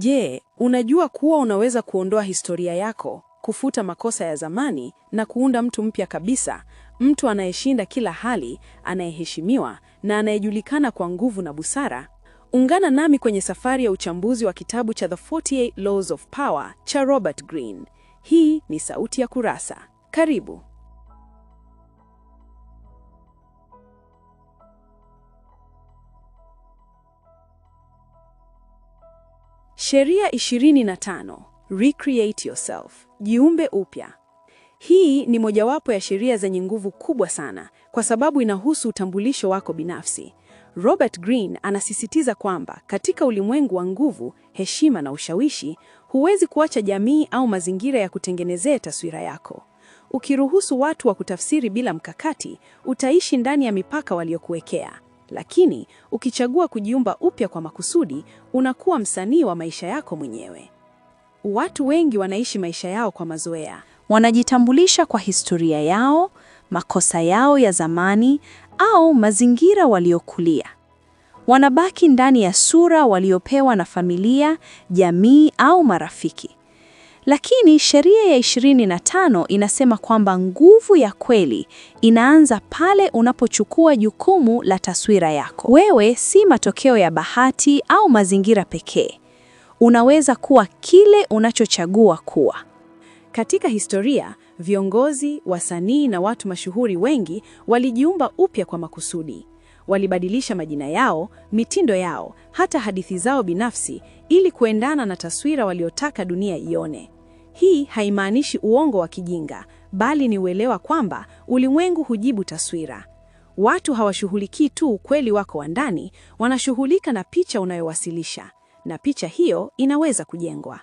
Je, unajua kuwa unaweza kuondoa historia yako, kufuta makosa ya zamani na kuunda mtu mpya kabisa, mtu anayeshinda kila hali, anayeheshimiwa na anayejulikana kwa nguvu na busara? Ungana nami kwenye safari ya uchambuzi wa kitabu cha The 48 Laws of Power cha Robert Greene. Hii ni Sauti ya Kurasa. Karibu. Sheria 25 recreate yourself, jiumbe upya. Hii ni mojawapo ya sheria zenye nguvu kubwa sana kwa sababu inahusu utambulisho wako binafsi. Robert Greene anasisitiza kwamba katika ulimwengu wa nguvu, heshima na ushawishi, huwezi kuacha jamii au mazingira ya kutengenezea taswira yako. Ukiruhusu watu wa kutafsiri bila mkakati, utaishi ndani ya mipaka waliokuwekea. Lakini ukichagua kujiumba upya kwa makusudi, unakuwa msanii wa maisha yako mwenyewe. Watu wengi wanaishi maisha yao kwa mazoea. Wanajitambulisha kwa historia yao, makosa yao ya zamani au mazingira waliokulia. Wanabaki ndani ya sura waliopewa na familia, jamii au marafiki. Lakini sheria ya 25 inasema kwamba nguvu ya kweli inaanza pale unapochukua jukumu la taswira yako. Wewe si matokeo ya bahati au mazingira pekee. Unaweza kuwa kile unachochagua kuwa. Katika historia, viongozi, wasanii na watu mashuhuri wengi walijiumba upya kwa makusudi. Walibadilisha majina yao, mitindo yao, hata hadithi zao binafsi ili kuendana na taswira waliotaka dunia ione. Hii haimaanishi uongo wa kijinga, bali ni uelewa kwamba ulimwengu hujibu taswira. Watu hawashughulikii tu ukweli wako wa ndani, wanashughulika na picha unayowasilisha, na picha hiyo inaweza kujengwa.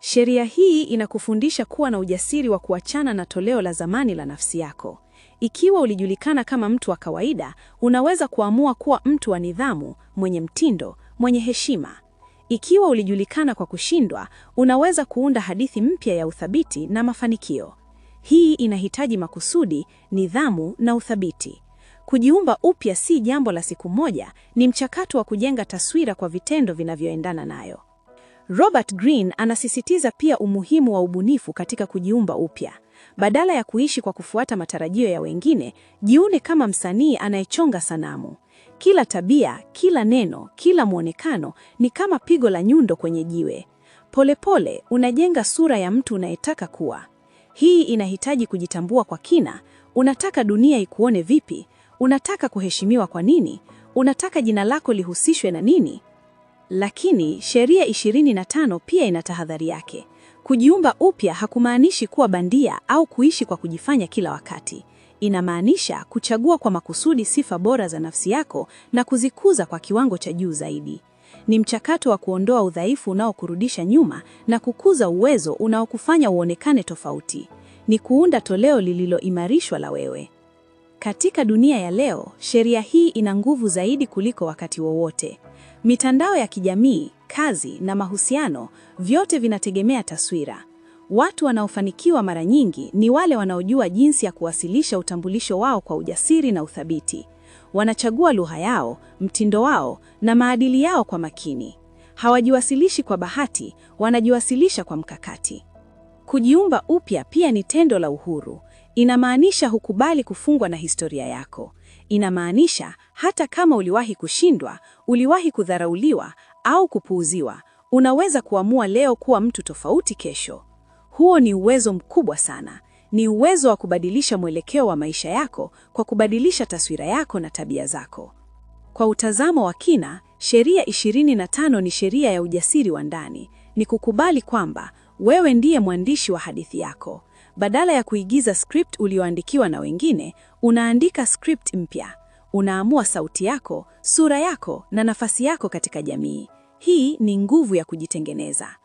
Sheria hii inakufundisha kuwa na ujasiri wa kuachana na toleo la zamani la nafsi yako. Ikiwa ulijulikana kama mtu wa kawaida, unaweza kuamua kuwa mtu wa nidhamu, mwenye mtindo, mwenye heshima. Ikiwa ulijulikana kwa kushindwa, unaweza kuunda hadithi mpya ya uthabiti na mafanikio. Hii inahitaji makusudi, nidhamu na uthabiti. Kujiumba upya si jambo la siku moja, ni mchakato wa kujenga taswira kwa vitendo vinavyoendana nayo. Robert Greene anasisitiza pia umuhimu wa ubunifu katika kujiumba upya. Badala ya kuishi kwa kufuata matarajio ya wengine, jione kama msanii anayechonga sanamu. Kila tabia, kila neno, kila mwonekano ni kama pigo la nyundo kwenye jiwe. Polepole pole, unajenga sura ya mtu unayetaka kuwa. Hii inahitaji kujitambua kwa kina. Unataka dunia ikuone vipi? Unataka kuheshimiwa kwa nini? Unataka jina lako lihusishwe na nini? Lakini sheria 25 pia ina tahadhari yake. Kujiumba upya hakumaanishi kuwa bandia au kuishi kwa kujifanya kila wakati. Inamaanisha kuchagua kwa makusudi sifa bora za nafsi yako na kuzikuza kwa kiwango cha juu zaidi. Ni mchakato wa kuondoa udhaifu unaokurudisha nyuma na kukuza uwezo unaokufanya uonekane tofauti. Ni kuunda toleo lililoimarishwa la wewe. Katika dunia ya leo, sheria hii ina nguvu zaidi kuliko wakati wowote. Mitandao ya kijamii, kazi na mahusiano, vyote vinategemea taswira. Watu wanaofanikiwa mara nyingi ni wale wanaojua jinsi ya kuwasilisha utambulisho wao kwa ujasiri na uthabiti. Wanachagua lugha yao, mtindo wao na maadili yao kwa makini. Hawajiwasilishi kwa bahati, wanajiwasilisha kwa mkakati. Kujiumba upya pia ni tendo la uhuru. Inamaanisha hukubali kufungwa na historia yako. Inamaanisha hata kama uliwahi kushindwa, uliwahi kudharauliwa au kupuuziwa, unaweza kuamua leo kuwa mtu tofauti kesho. Huo ni uwezo mkubwa sana. Ni uwezo wa kubadilisha mwelekeo wa maisha yako kwa kubadilisha taswira yako na tabia zako. Kwa utazamo wa kina, sheria 25 ni sheria ya ujasiri wa ndani. Ni kukubali kwamba wewe ndiye mwandishi wa hadithi yako. Badala ya kuigiza script ulioandikiwa na wengine, unaandika script mpya. Unaamua sauti yako, sura yako na nafasi yako katika jamii. Hii ni nguvu ya kujitengeneza.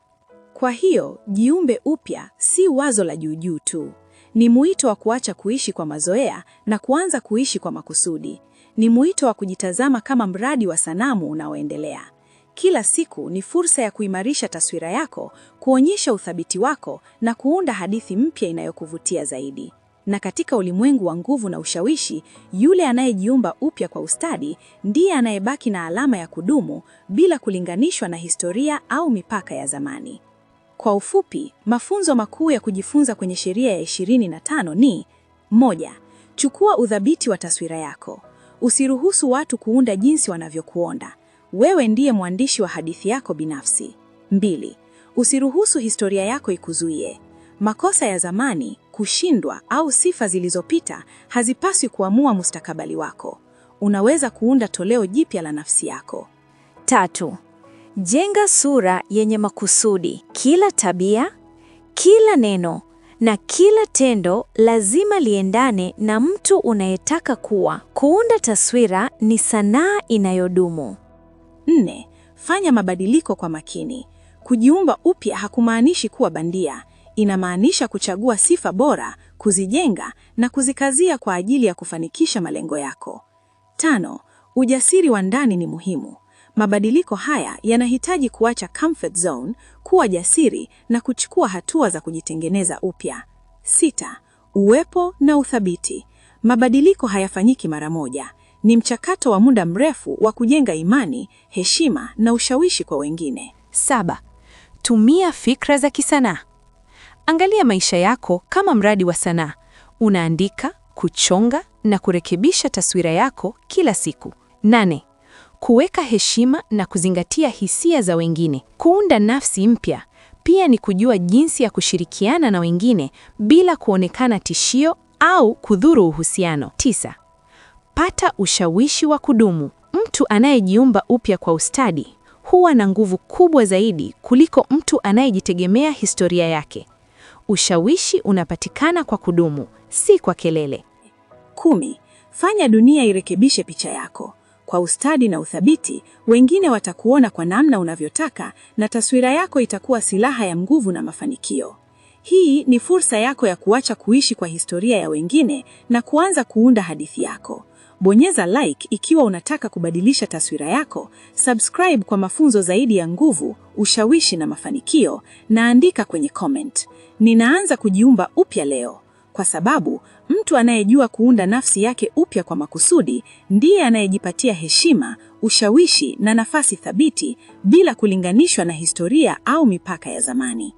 Kwa hiyo jiumbe upya si wazo la juujuu tu, ni mwito wa kuacha kuishi kwa mazoea na kuanza kuishi kwa makusudi. Ni mwito wa kujitazama kama mradi wa sanamu unaoendelea. Kila siku ni fursa ya kuimarisha taswira yako, kuonyesha uthabiti wako na kuunda hadithi mpya inayokuvutia zaidi. Na katika ulimwengu wa nguvu na ushawishi, yule anayejiumba upya kwa ustadi ndiye anayebaki na alama ya kudumu bila kulinganishwa na historia au mipaka ya zamani. Kwa ufupi, mafunzo makuu ya kujifunza kwenye sheria ya 25 ni: moja, chukua udhabiti wa taswira yako. Usiruhusu watu kuunda jinsi wanavyokuona. Wewe ndiye mwandishi wa hadithi yako binafsi. Mbili, usiruhusu historia yako ikuzuie. Makosa ya zamani, kushindwa au sifa zilizopita hazipaswi kuamua mustakabali wako. Unaweza kuunda toleo jipya la nafsi yako. Tatu, Jenga sura yenye makusudi. Kila tabia, kila neno na kila tendo lazima liendane na mtu unayetaka kuwa. Kuunda taswira ni sanaa inayodumu. Nne, fanya mabadiliko kwa makini. Kujiumba upya hakumaanishi kuwa bandia. Inamaanisha kuchagua sifa bora, kuzijenga na kuzikazia kwa ajili ya kufanikisha malengo yako. Tano, ujasiri wa ndani ni muhimu. Mabadiliko haya yanahitaji kuacha comfort zone, kuwa jasiri na kuchukua hatua za kujitengeneza upya. Sita, uwepo na uthabiti. Mabadiliko hayafanyiki mara moja. Ni mchakato wa muda mrefu wa kujenga imani, heshima na ushawishi kwa wengine. Saba, tumia fikra za kisanaa. Angalia maisha yako kama mradi wa sanaa. Unaandika, kuchonga na kurekebisha taswira yako kila siku. Nane, kuweka heshima na kuzingatia hisia za wengine. Kuunda nafsi mpya pia ni kujua jinsi ya kushirikiana na wengine bila kuonekana tishio au kudhuru uhusiano. Tisa, pata ushawishi wa kudumu. Mtu anayejiumba upya kwa ustadi huwa na nguvu kubwa zaidi kuliko mtu anayejitegemea historia yake. Ushawishi unapatikana kwa kudumu, si kwa kelele. Kumi, fanya dunia irekebishe picha yako. Kwa ustadi na uthabiti, wengine watakuona kwa namna unavyotaka na taswira yako itakuwa silaha ya nguvu na mafanikio. Hii ni fursa yako ya kuacha kuishi kwa historia ya wengine na kuanza kuunda hadithi yako. Bonyeza like ikiwa unataka kubadilisha taswira yako, subscribe kwa mafunzo zaidi ya nguvu, ushawishi na mafanikio, na andika kwenye comment. Ninaanza kujiumba upya leo kwa sababu mtu anayejua kuunda nafsi yake upya kwa makusudi ndiye anayejipatia heshima, ushawishi na nafasi thabiti bila kulinganishwa na historia au mipaka ya zamani.